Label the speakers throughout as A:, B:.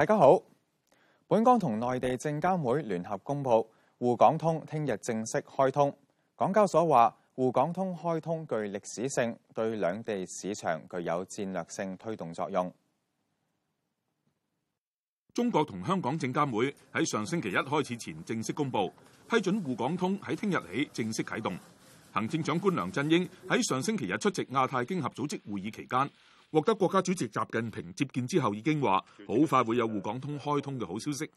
A: 大家好，本港同內地證監會聯合公布滬港通聽日正式開通。港交所話，滬港通開通具歷史性，對兩地市場具有戰略性推動作用。中國同香港證監會
B: 喺上星期一開始前正式公布，批准滬港通喺聽日起正式啟動。行政長官梁振英喺上星期日出席亞太經合組織會議期間，獲得國家主席習近平接見之後，已經話好快會有滬港通開通嘅好消息。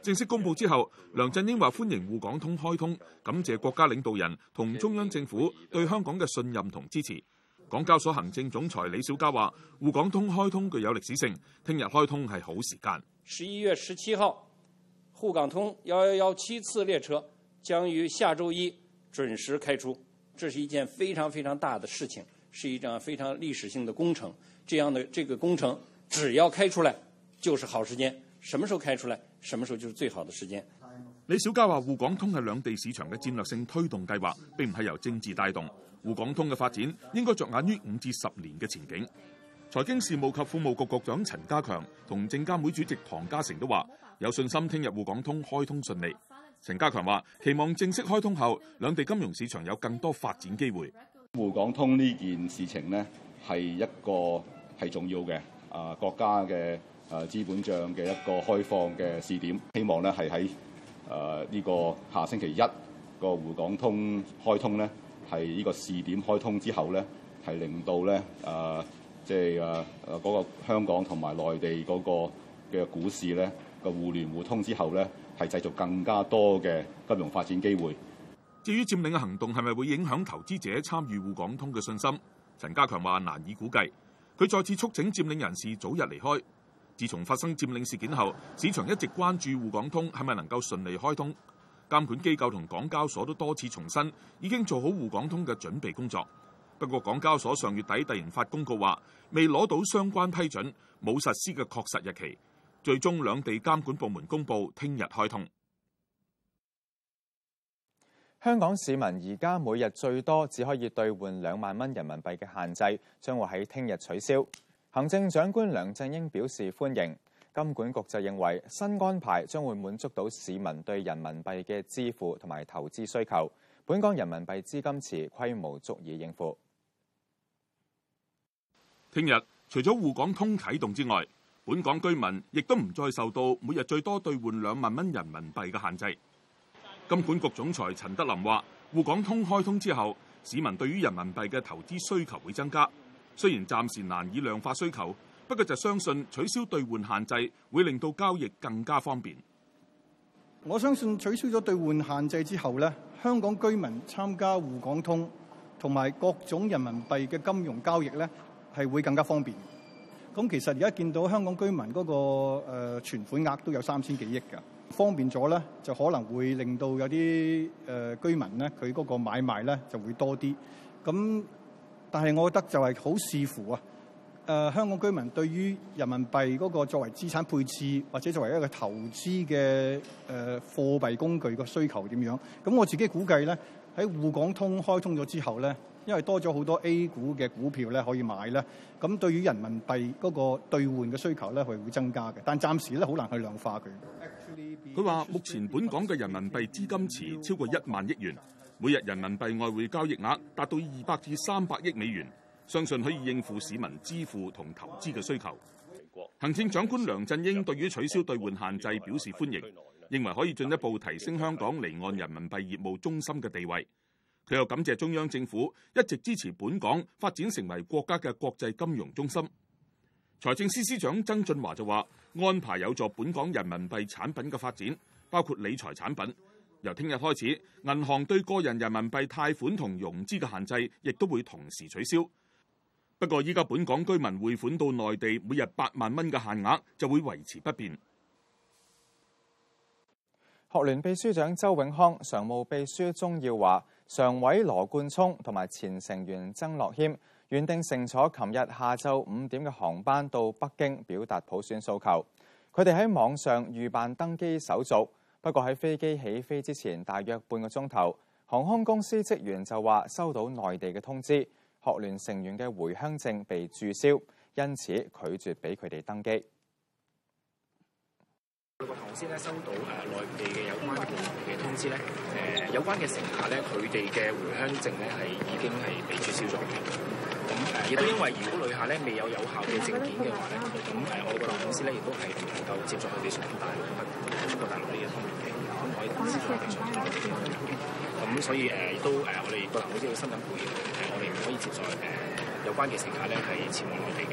B: 正式公布之後，梁振英話歡迎滬港通開通，感謝國家領導人同中央政府對香港嘅信任同支持。港交所行政總裁李小加話：滬港通開通具有歷史性，聽日開通係好時間。十一月十七號，
C: 滬港通幺幺幺七次列車將於下周一準時開出，這是一件非常非常大的事情，是一項非常歷史性的工程。這樣
B: 的這個工程只要開出來就是好時間，什麼時候開出來什麼時候就是最好的時間。李小加話滬港通係兩地市場嘅戰略性推動計劃，並唔係由政治帶動。滬港通嘅發展應該着眼於五至十年嘅前景。財經事務及庫務局局長陳家強同證監會主席唐家成都話有信心聽日滬港通開通順利。陳家強話期望正式開通後兩地金融市場有更
A: 多發展機會。滬港通呢件事情呢，係一個。係重要嘅啊！國家嘅誒、啊、資本帳嘅一個開放嘅試點，希望咧係喺誒呢、啊這個下星期一個滬港通開通咧，係呢個試點開通之後咧，係令到咧啊，即係啊嗰、那個香港同埋內地嗰個嘅股市咧個互聯互通之後咧，係製造更加多嘅金融發展機會。至於佔領嘅行動係咪會
B: 影響投資者參與滬港通嘅信心？陳家強話難以估計。佢再次促請佔領人士早日離開。自從發生佔領事件後，市場一直關注滬港通係咪能夠順利開通。監管機構同港交所都多次重申已經做好滬港通嘅準備工作。不過港交所上月底突然發公告話，未攞到相關批准，冇實施嘅確實日期。最終兩地監管部門公佈聽
A: 日開通。香港市民而家每日最多只可以兌換兩萬蚊人民幣嘅限制，將會喺聽日取消。行政長官梁振英表示歡迎。金管局就認為新安排將會滿足到市民對人民幣嘅支付同埋投資需求，本港人民幣資金池規模足以應付。
B: 聽日除咗滬港通啟動之外，本港居民亦都唔再受到每日最多兌換兩萬蚊人民幣嘅限制。金管局總裁陳德霖話，滬港通開通之後，市民對於人民幣嘅投資需求會增加。雖然暫時難以量化需求，不過就相信取消兌換限制會令到交易更加方便。
A: 我相信取消咗兌換限制之後咧，香港居民參加滬港通同埋各種人民幣嘅金融交易咧，係會更加方便。咁其實而家見到香港居民嗰、那個誒、呃、存款額都有三千幾億噶。方便咗咧，就可能會令到有啲誒、呃、居民咧，佢嗰個買賣咧就會多啲。咁但係，我覺得就係好視乎啊。誒、呃，香港居民對於人民幣嗰個作為資產配置或者作為一個投資嘅誒貨幣工具個需求點樣？咁我自己估計咧。喺滬港通開通咗之後呢，因為多咗好多 A 股嘅股票咧可以買咧，咁對於人民幣嗰個兌換嘅需求咧，係會增加嘅。但暫時咧好難去量化佢。
B: 佢話，目前本港嘅人民幣資金池超過一萬億元，每日人民幣外匯交易額達到二百至三百億美元，相信可以應付市民支付同投資嘅需求。行政長官梁振英對於取消兌換限制表示歡迎。認為可以進一步提升香港離岸人民幣業務中心嘅地位。佢又感謝中央政府一直支持本港發展成為國家嘅國際金融中心。財政司司長曾俊華就話：安排有助本港人民幣產品嘅發展，包括理財產品。由聽日開始，銀行對個人人民幣貸款同融資嘅限制，亦都會同時取消。不過依家本港居民匯款到內地每日八萬蚊嘅限額就會維持不變。
A: 學聯秘書長周永康、常務秘書鍾耀華、常委羅冠聰同埋前成員曾樂謙原定乘坐琴日下晝五點嘅航班到北京表達普選訴求。佢哋喺網上預辦登機手續，不過喺飛機起飛之前大約半個鐘頭，航空公司職員就話收到內地嘅通知，學聯成員嘅回鄉證被注銷，因此拒絕俾佢哋登機。
D: 我個航空公
A: 司咧收到誒內地嘅有關部門嘅通知咧，誒有關嘅乘客咧，佢哋嘅回鄉證咧係已經係被注銷咗嘅。咁誒亦都因為如果旅客咧未有有效嘅
D: 證件嘅話咧，咁誒我個航空公司咧亦都係唔能夠接載佢哋上大陸，去中國大陸呢嘅通
A: 面嘅，可以正咁所以誒亦都誒我哋個航空公司會慎重配合，我哋唔可以接載誒有關嘅乘客咧係前往內地嘅。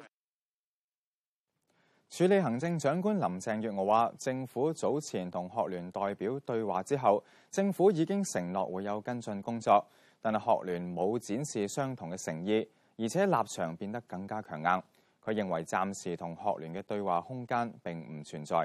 A: 署理行政長官林鄭月娥話：政府早前同學聯代表對話之後，政府已經承諾會有跟進工作，但係學聯冇展示相同嘅誠意，而且立場變得更加強硬。佢認為暫時同學聯嘅對話空間並唔存在。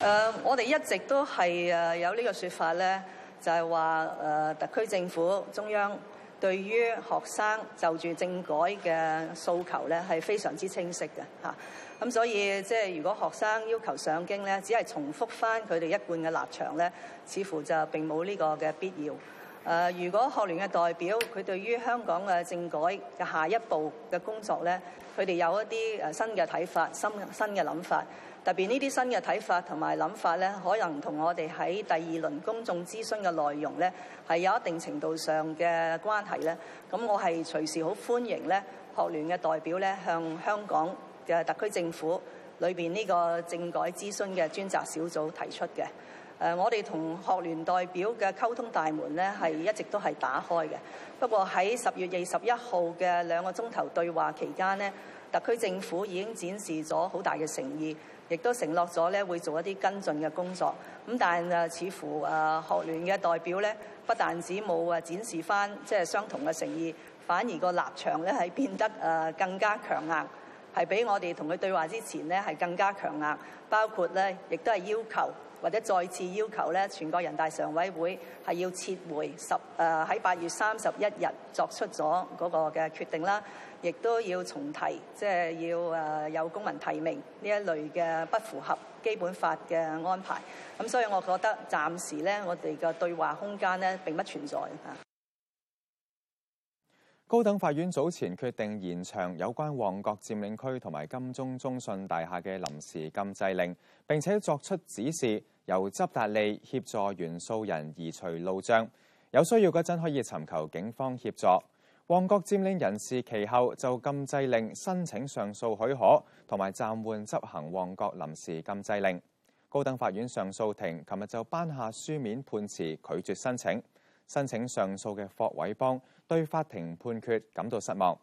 E: 誒，我哋一直都係誒有呢個説法咧，就係話誒特區政府中央。對於學生就住政改嘅訴求咧，係非常之清晰嘅嚇。咁所以即係如果學生要求上京咧，只係重複翻佢哋一貫嘅立場咧，似乎就並冇呢個嘅必要。呃，如果學聯嘅代表佢對於香港嘅政改嘅下一步嘅工作咧，佢哋有一啲誒新嘅睇法、新新嘅諗法。特別呢啲新嘅睇法同埋諗法咧，可能同我哋喺第二輪公眾諮詢嘅內容咧係有一定程度上嘅關係咧。咁我係隨時好歡迎咧學聯嘅代表咧向香港嘅特區政府裏邊呢個政改諮詢嘅專責小組提出嘅。誒，我哋同學聯代表嘅溝通大門咧係一直都係打開嘅。不過喺十月二十一號嘅兩個鐘頭對話期間呢，特區政府已經展示咗好大嘅誠意。亦都承諾咗咧，會做一啲跟進嘅工作。咁但係似乎誒學聯嘅代表咧，不但止冇誒展示翻即係相同嘅誠意，反而個立場咧係變得誒更加強硬，係比我哋同佢對話之前咧係更加強硬，包括咧亦都係要求。或者再次要求咧，全國人大常委會係要撤回十，誒喺八月三十一日作出咗嗰個嘅決定啦，亦都要重提，即係要誒有公民提名呢一類嘅不符合基本法嘅安排。咁所以，我覺得暫時咧，我哋嘅對話空間咧並不存在啊。
A: 高等法院早前決定延長有關旺角佔領區同埋金鐘中信大廈嘅臨時禁制令，並且作出指示，由執達利協助原訴人移除路障。有需要嗰陣可以尋求警方協助。旺角佔領人士其後就禁制令申請上訴許可，同埋暫緩執行旺角臨時禁制令。高等法院上訴庭琴日就頒下書面判詞，拒絕申請。申請上訴嘅霍偉邦對法庭判決感到失望，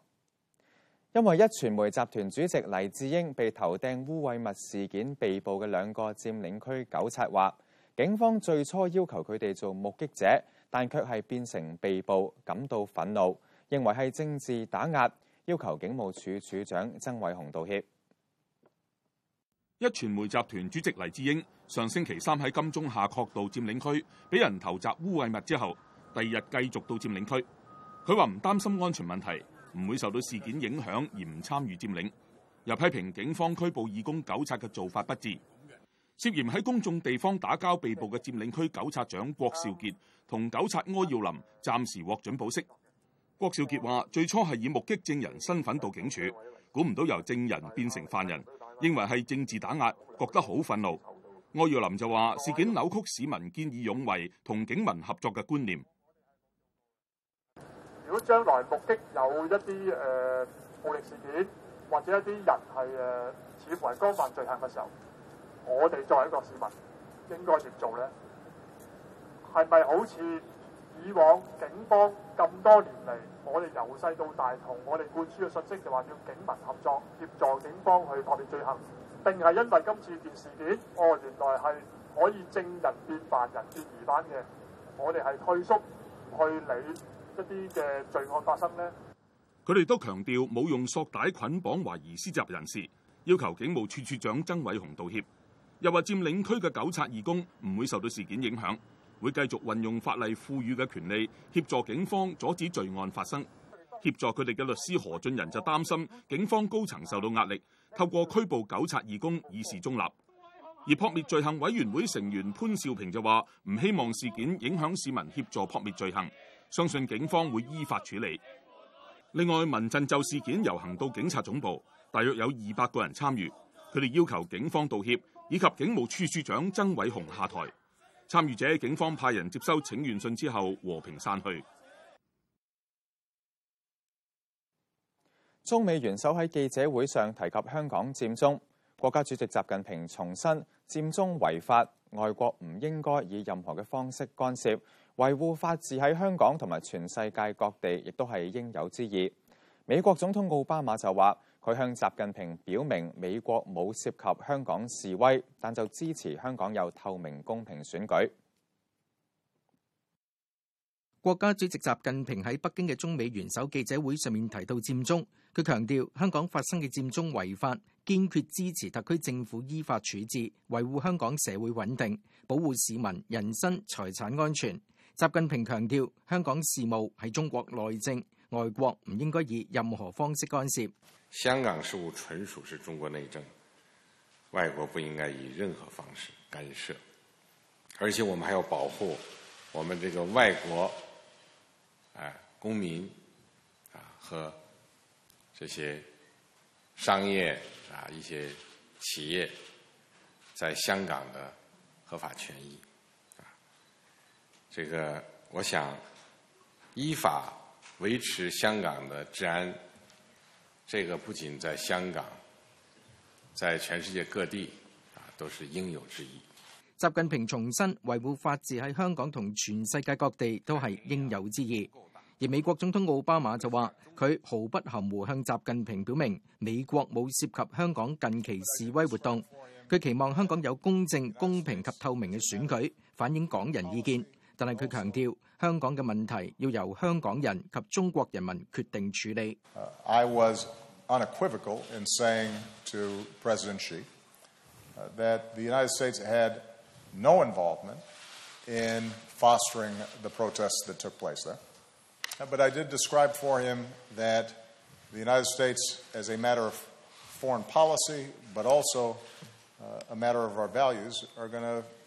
A: 因為一傳媒集團主席黎智英被投擲污穢物事件被捕嘅兩個佔領區糾察話，警方最初要求佢哋做目擊者，但卻係變成被捕，感到憤怒，認為係政治打壓，要求警務處處長曾偉雄道歉。一傳媒
B: 集團主席黎智英上星期三喺金鐘夏慤道佔領區俾人投擲污穢物之後。第二日，日繼續到佔領區，佢話唔擔心安全問題，唔會受到事件影響而唔參與佔領。又批評警方拘捕義工糾察嘅做法不智，涉嫌喺公眾地方打交被捕嘅佔領區糾察長郭少傑同糾察柯耀林暫時獲准保釋。郭少傑話：最初係以目擊證人身份到警署，估唔到由證人變成犯人，認為係政治打壓，覺得好憤怒。柯耀林就話：事件扭曲市民見義勇為同警民合作嘅觀念。
C: 如果將來目擊有一啲誒、呃、
B: 暴力事件，或者一啲人係誒涉嫌干犯罪行嘅時候，我哋作為一個市民應該點做咧？係咪好似以往警方咁多年嚟，我哋由細到大同我哋灌輸嘅訊息就話要警民合作，協助警方去撲滅罪行？定係因為今次件事件，哦原來係可以證人變犯人變疑犯嘅，我哋係退縮唔去理？一啲嘅罪案發生咧，佢哋都強調冇用索帶捆綁懷疑施襲人士，要求警務處處長曾偉雄道歉。又話佔領區嘅糾察義工唔會受到事件影響，會繼續運用法例賦予嘅權利協助警方阻止罪案發生。協助佢哋嘅律師何俊仁就擔心警方高層受到壓力，透過拘捕糾察義工以示中立。而撲滅罪行委員會成員潘少平就話唔希望事件影響市民協助撲滅罪行。相信警方會依法處理。另外，民陣就事件遊行到警察總部，大約有二百個人參與，佢哋要求警方道歉以及警務處處長曾偉雄下台。參與者警方派人接收請願信
A: 之後，和平散去。中美元首喺記者會上提及香港佔中，國家主席習近平重申佔中違法，外國唔應該以任何嘅方式干涉。維護法治喺香港同埋全世界各地，亦都係應有之義。美國總統奧巴馬就話：佢向習近平表明美國冇涉及香港示威，但就支持香港有透明公平選舉。國家主席習近平喺北京嘅中美元首記者會上面提到佔中，
D: 佢強調香港發生嘅佔中違法，堅決支持特區政府依法處置，維護香港社會穩定，保護市民人身財產安全。習近平強調，香港事務係中國內政，外國唔應該以任何方式干涉。
C: 香港事務純屬是中國內政，外國不應該以任何方式干涉，而且我們還要保護我們這個外國、啊、公民啊和這些商業啊一些企業在香港的合法權益。這個，我想依法維持香港的治安。這個不僅在香港，在全世界各地啊，
D: 都是應有之義。習近平重申，維護法治喺香港同全世界各地都係應有之義。而美國總統奧巴馬就話，佢毫不含糊向習近平表明，美國冇涉及香港近期示威活動。佢期望香港有公正、公平及透明嘅選舉，反映港人意見。但係佢強調，香港嘅問題要由香港人及中國人民決定處理。I was unequivocal in saying to President Xi that the United States had no involvement in fostering the protests that took place there. But I did describe for him that the United States as a matter of foreign policy, but also a matter of our values are going to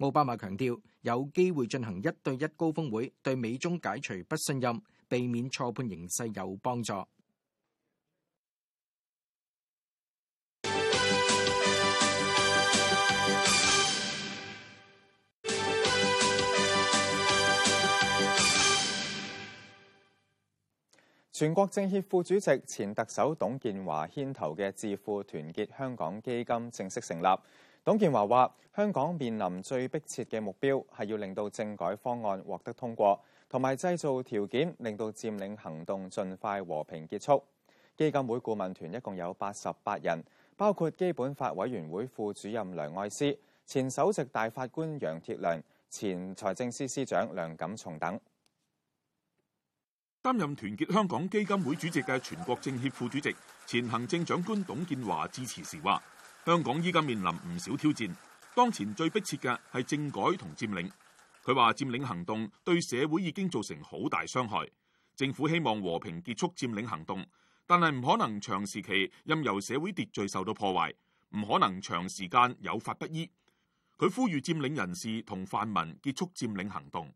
D: 奧巴馬強調，有機會進行一對一高峰會，對美中解除不信任、避免錯判形勢有幫助。
A: 全國政協副主席、前特首董建華牽頭嘅智庫團結香港基金正式成立。董建華話：香港面臨最迫切嘅目標係要令到政改方案獲得通過，同埋製造條件令到佔領行動盡快和平結束。基金會顧問團一共有八十八人，包括基本法委員會副主任梁愛詩、前首席大法官楊鐵良、前財政司司長梁錦松等。擔任團結香港基金會主席嘅全國政協副主席、前行政長
B: 官董建華致辭時話。香港依家面臨唔少挑戰，當前最迫切嘅係政改同佔領。佢話佔領行動對社會已經造成好大傷害，政府希望和平結束佔領行動，但係唔可能長時期任由社會秩序受到破壞，唔可能長時間有法不依。佢呼籲佔領人士同泛民結束佔領行動。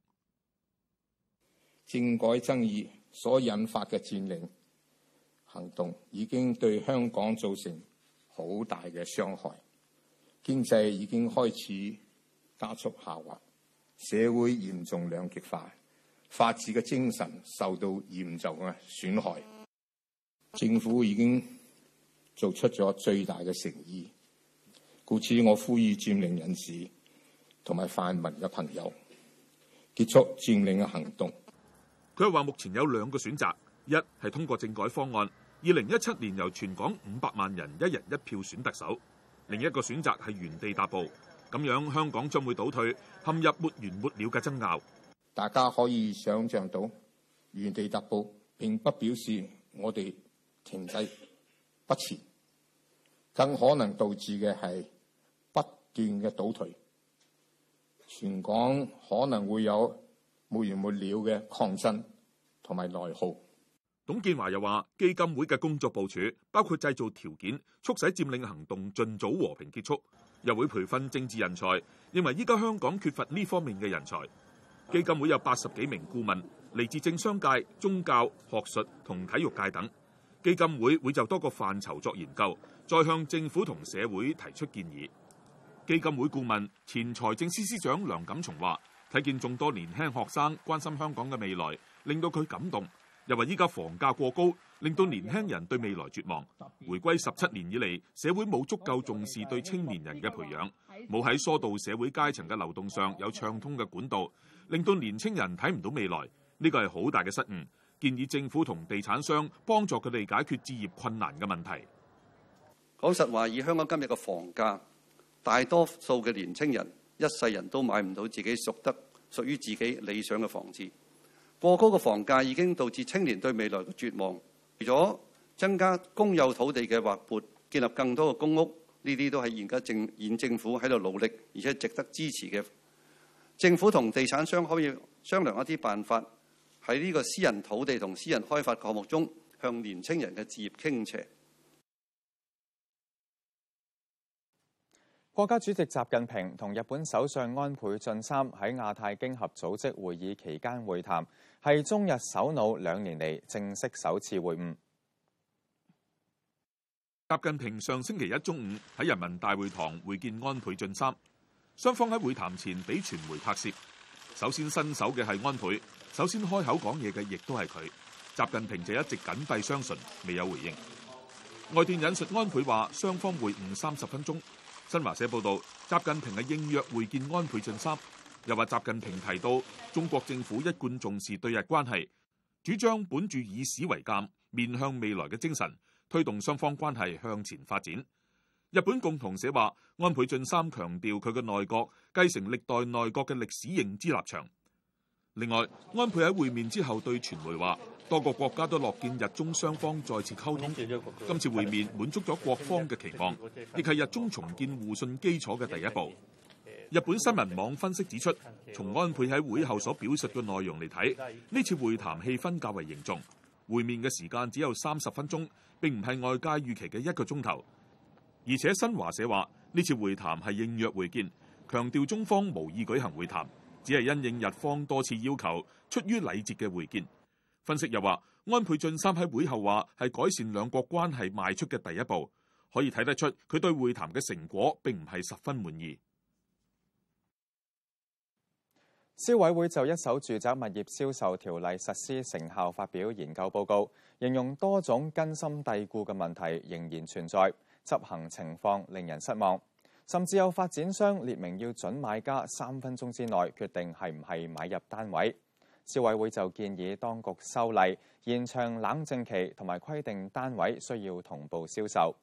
B: 政
C: 改爭議所引發嘅佔領行動，已經對香港造成。好大嘅傷害，經濟已經開始加速下滑，社會嚴重兩極化，法治嘅精神受到嚴重嘅損害。政府已經做出咗最大嘅誠意，故此我呼籲佔領人士同埋泛民嘅朋友結束佔領嘅行動。
B: 佢話目前有兩個選擇，一係通過政改方案。二零一七年由全港五百萬人一人一票選特首，另一個選擇係原地踏步，咁樣香港將會倒退，陷入沒完沒了嘅爭拗。大家可以想
C: 像到，原地踏步
B: 並不表示我哋停滯不前，
C: 更可能導致嘅係不斷嘅倒退，
B: 全港可能會有沒完沒了嘅抗爭同埋內耗。董建華又話，基金會嘅工作部署包括製造條件，促使佔領行動盡早和平結束，又會培訓政治人才，認為依家香港缺乏呢方面嘅人才。基金會有八十幾名顧問，嚟自政商界、宗教、學術同體育界等。基金會會就多個範疇作研究，再向政府同社會提出建議。基金會顧問、前財政司司長梁錦松話，睇見眾多年輕學生關心香港嘅未來，令到佢感動。又話依家房價過高，令到年輕人對未來絕望。回歸十七年以嚟，社會冇足夠重視對青年人嘅培養，冇喺疏導社會階層嘅流動上有暢通嘅管道，令到年輕人睇唔到未來。呢個係好大嘅失誤。建議政府同地產商幫助佢哋解決置業困難嘅問題。講實話，以香港今日嘅房價，大多數嘅年輕人
C: 一世人都買唔到自己屬得屬於自己理想嘅房子。過高嘅房價已經導致青年對未來嘅絕望，除咗增加公有土地嘅劃撥，建立更多嘅公屋，呢啲都係現家政現政府喺度努力，而且值得支持嘅。政府同地產商可以商量一啲辦法，喺呢個私人土地同私人開發項目中，向年青人嘅置業傾斜。
A: 國家主席習近平同日本首相安倍晉三喺亞太經合組織會議期間會談，係中日首腦兩年嚟正式首次會晤。
B: 習近平上星期一中午喺人民大會堂會見安倍晉三，雙方喺會談前俾傳媒拍攝。首先伸手嘅係安倍，首先開口講嘢嘅亦都係佢。習近平就一直緊閉雙唇，未有回應。外電引述安倍話：雙方會晤三十分鐘。新華社報道，習近平嘅應約會見安倍晉三，又話習近平提到，中國政府一貫重視對日關係，主張本着以史為鑑、面向未來嘅精神，推動雙方關係向前發展。日本共同社話，安倍晉三強調佢嘅內閣繼承歷代內閣嘅歷史認知立場。另外，安倍喺會面之後對傳媒話。多個國家都樂見日中雙方再次溝通。今次會面滿足咗各方嘅期望，亦係日中重建互信基礎嘅第一步。日本新聞網分析指出，從安倍喺會後所表述嘅內容嚟睇，呢次會談氣氛較為凝重。會面嘅時間只有三十分鐘，並唔係外界預期嘅一個鐘頭。而且新華社話，呢次會談係應約會見，強調中方無意舉行會談，只係因應日方多次要求，出於禮節嘅會見。分析又話，安倍晉三喺會後話係改善兩國關係邁出嘅第一步，
A: 可以睇得出佢對會談嘅成果並唔係十分滿意。消委會就一手住宅物業銷售條例實施成效發表研究報告，形容多種根深蒂固嘅問題仍然存在，執行情況令人失望，甚至有發展商列明要準買家三分鐘之內決定係唔係買入單位。消委會就建議當局修例，延長冷靜期同埋規定單位需要同步銷售。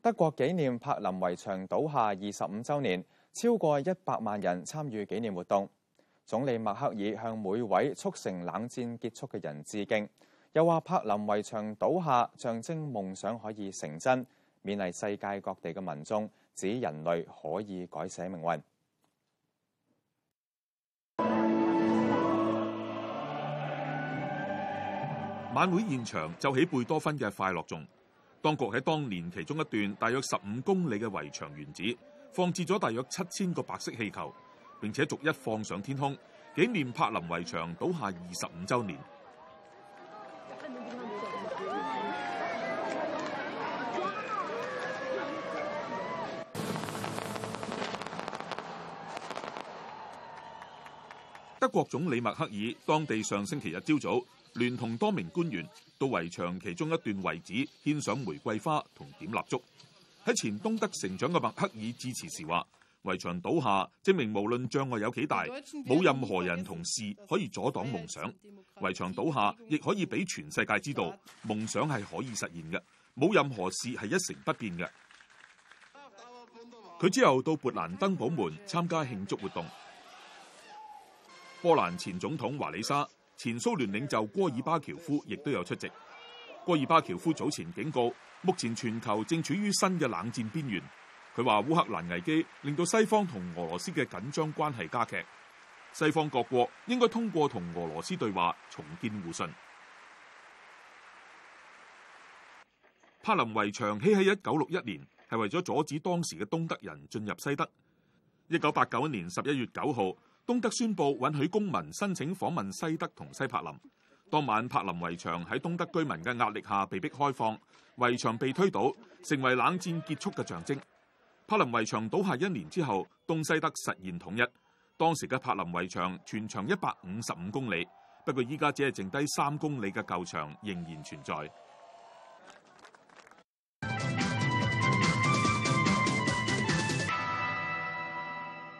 A: 德國紀念柏林圍牆倒下二十五週年，超過一百萬人參與紀念活動。總理默克爾向每位促成冷戰結束嘅人致敬，又話柏林圍牆倒下象徵夢想可以成真，勉勵世界各地嘅民眾，指人類可以改寫命運。
B: 晚會現場奏起貝多芬嘅《快樂頌》，當局喺當年其中一段大約十五公里嘅圍牆原址放置咗大約七千個白色氣球，並且逐一放上天空，紀念柏林圍牆倒下二十五週年。德國總理默克爾當地上星期日朝早。聯同多名官員到圍牆其中一段遺址獻上玫瑰花同點蠟燭。喺前東德成長嘅默克爾致辭時話：圍牆倒下，證明無論障礙有幾大，冇任何人同事可以阻擋夢想。圍牆倒下，亦可以俾全世界知道夢想係可以實現嘅，冇任何事係一成不變嘅。佢之後到勃蘭登堡門參加慶祝活動。波蘭前總統華里沙。前蘇聯領袖戈爾巴喬夫亦都有出席。戈爾巴喬夫早前警告，目前全球正處於新嘅冷戰邊緣。佢話烏克蘭危機令到西方同俄羅斯嘅緊張關係加劇。西方各國應該通過同俄羅斯對話，重建互信。柏林圍牆起喺一九六一年，係為咗阻止當時嘅東德人進入西德。一九八九年十一月九號。東德宣布允許公民申請訪問西德同西柏林。當晚柏林圍牆喺東德居民嘅壓力下被迫開放，圍牆被推倒，成為冷戰結束嘅象徵。柏林圍牆倒下一年之後，東西德實現統一。當時嘅柏林圍牆全長一百五十五公里，不過依家只係剩低三公里嘅舊牆仍然存在。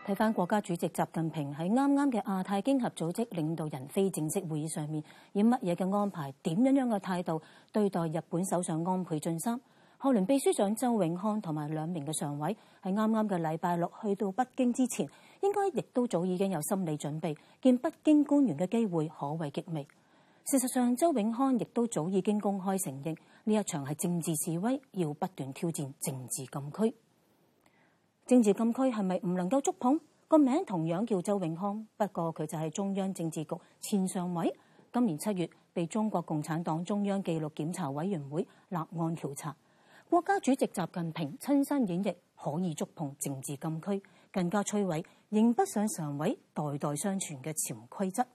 F: 睇翻國家主席習近平喺啱啱嘅亞太經合組織領導人非正式會議上面，以乜嘢嘅安排、點樣樣嘅態度對待日本首相安倍晉三？學聯秘書長周永康同埋兩名嘅常委喺啱啱嘅禮拜六去到北京之前，應該亦都早已經有心理準備，見北京官員嘅機會可謂極微。事實上，周永康亦都早已經公開承認呢一場係政治示威，要不斷挑戰政治禁區。政治禁區係咪唔能夠觸碰？個名同樣叫周永康，不過佢就係中央政治局前常委。今年七月被中國共產黨中央紀律檢查委員會立案調查。國家主席習近平親身演繹可以觸碰政治禁區，更加摧毀刑不上常委代代相傳嘅潛規則。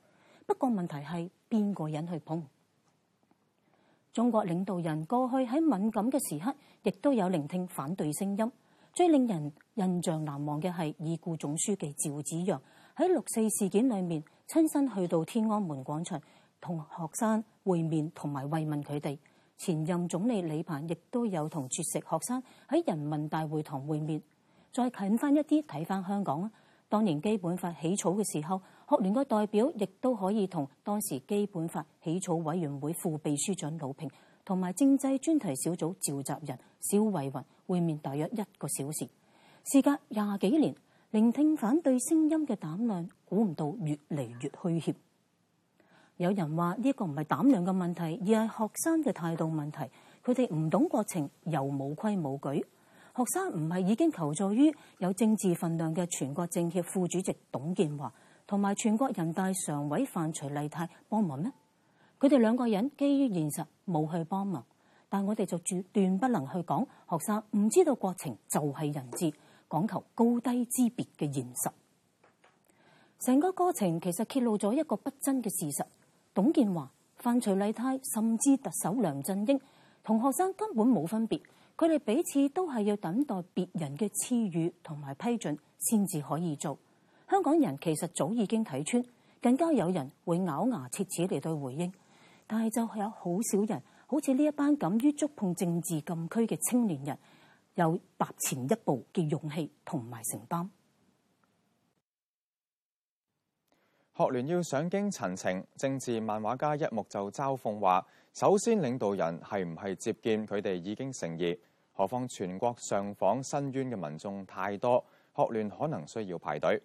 F: 不過問題係邊個人去碰？中國領導人過去喺敏感嘅時刻，亦都有聆聽反對聲音，最令人印象難忘嘅係已故總書記趙紫陽喺六四事件裏面親身去到天安門廣場同學生會面，同埋慰問佢哋。前任總理李鵬亦都有同絕食學生喺人民大會堂會面。再近翻一啲睇翻香港啊，當年基本法起草嘅時候，學聯嘅代表亦都可以同當時基本法起草委員會副秘書長魯平同埋政制專題小組召集人肖慧雲會面，大約一個小時。事隔廿幾年，聆聽反對聲音嘅膽量，估唔到越嚟越虛怯。有人話呢個唔係膽量嘅問題，而係學生嘅態度問題。佢哋唔懂國情，又冇規冇矩。學生唔係已經求助於有政治分量嘅全國政協副主席董建華同埋全國人大常委范徐麗泰幫忙咩？佢哋兩個人基於現實冇去幫忙，但我哋就絕斷不能去講學生唔知道國情就係人質。講求高低之別嘅現實，成個過程其實揭露咗一個不爭嘅事實。董建華、范徐麗泰甚至特首梁振英，同學生根本冇分別，佢哋彼此都係要等待別人嘅賜予同埋批准先至可以做。香港人其實早已經睇穿，更加有人會咬牙切齒嚟對回應，但係就係有好少人，好似呢一班敢於觸碰政治禁區嘅青年人。有踏前一步嘅勇氣同埋承擔。
A: 學聯要上京陳情，政治漫畫家一木就嘲諷話：首先領導人係唔係接見佢哋已經成疑，何況全國上訪申冤嘅民眾太多，學聯可能需要排隊。